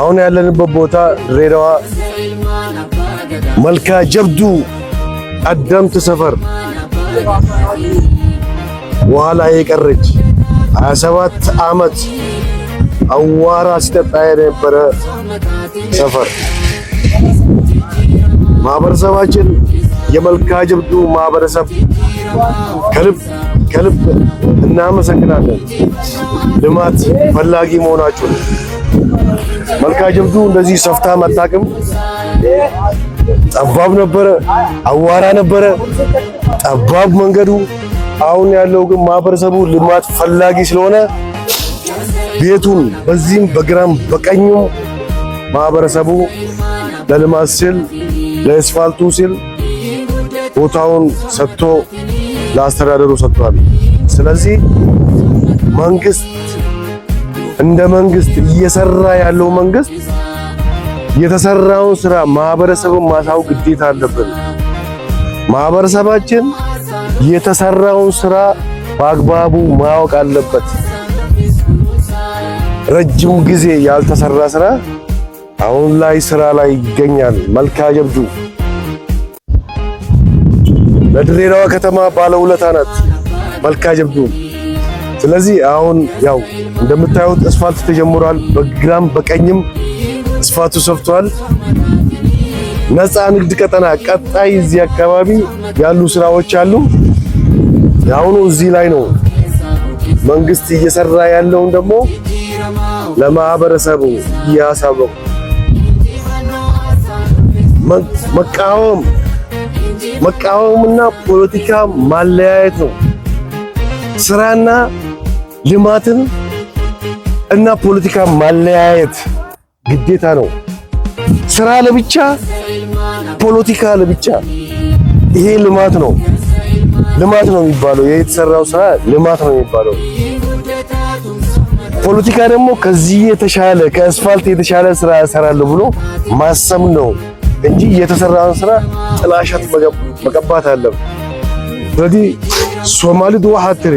አሁን ያለንበት ቦታ ድሬዳዋ መልካ ጀብዱ ቀደምት ሰፈር በኋላ የቀረች 27 ዓመት አዋራ ሲጠጣ የነበረ ሰፈር። ማህበረሰባችን የመልካ ጀብዱ ማህበረሰብ ከልብ ከልብ እናመሰግናለን። ልማት ፈላጊ መሆናችሁ መልካ ጀብዱ እንደዚህ ሰፍታ መጣቅም ጠባብ ነበረ፣ አዋራ ነበረ ጠባብ መንገዱ። አሁን ያለው ግን ማህበረሰቡ ልማት ፈላጊ ስለሆነ ቤቱን በዚህም በግራም በቀኙም ማህበረሰቡ ለልማት ሲል ለአስፋልቱ ሲል ቦታውን ሰጥቶ ለአስተዳደሩ ሰጥቷል። ስለዚህ መንግስት እንደ መንግስት እየሰራ ያለው መንግስት የተሰራውን ስራ ማህበረሰብን ማሳወቅ ግዴታ አለብን። ማህበረሰባችን የተሰራውን ስራ በአግባቡ ማወቅ አለበት። ረጅም ጊዜ ያልተሰራ ስራ አሁን ላይ ስራ ላይ ይገኛል። መልካ ጀብዱ ለድሬዳዋ ከተማ ባለውለታ ናት። መልካ ጀብዱ ስለዚህ አሁን ያው እንደምታዩት አስፋልት ተጀምሯል። በግራም በቀኝም አስፋልቱ ሰፍቷል። ነፃ ንግድ ቀጠና ቀጣይ እዚህ አካባቢ ያሉ ስራዎች አሉ። አሁኑ እዚህ ላይ ነው መንግስት እየሰራ ያለውን ደግሞ ለማህበረሰቡ እያሳወቁ መቃወም መቃወምና ፖለቲካ ማለያየት ነው ስራና ልማትን እና ፖለቲካ ማለያየት ግዴታ ነው። ስራ ለብቻ፣ ፖለቲካ ለብቻ። ይሄ ልማት ነው ልማት ነው የሚባለው። የተሰራው ስራ ልማት ነው የሚባለው። ፖለቲካ ደግሞ ከዚህ የተሻለ ከአስፋልት የተሻለ ስራ እሰራለሁ ብሎ ማሰብ ነው እንጂ የተሰራውን ስራ ጥላሸት መቀባት አለም። ስለዚህ ሶማሊ ድዋ ሀትሬ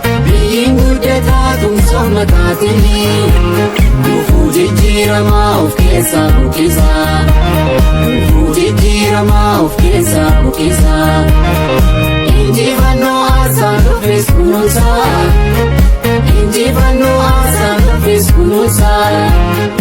Doamnă, tati Nu fugi, gira, mă, of, chiesa, nu chiesa Nu fugi, gira, mă, asa, nu vezi cu nu asa, nu vezi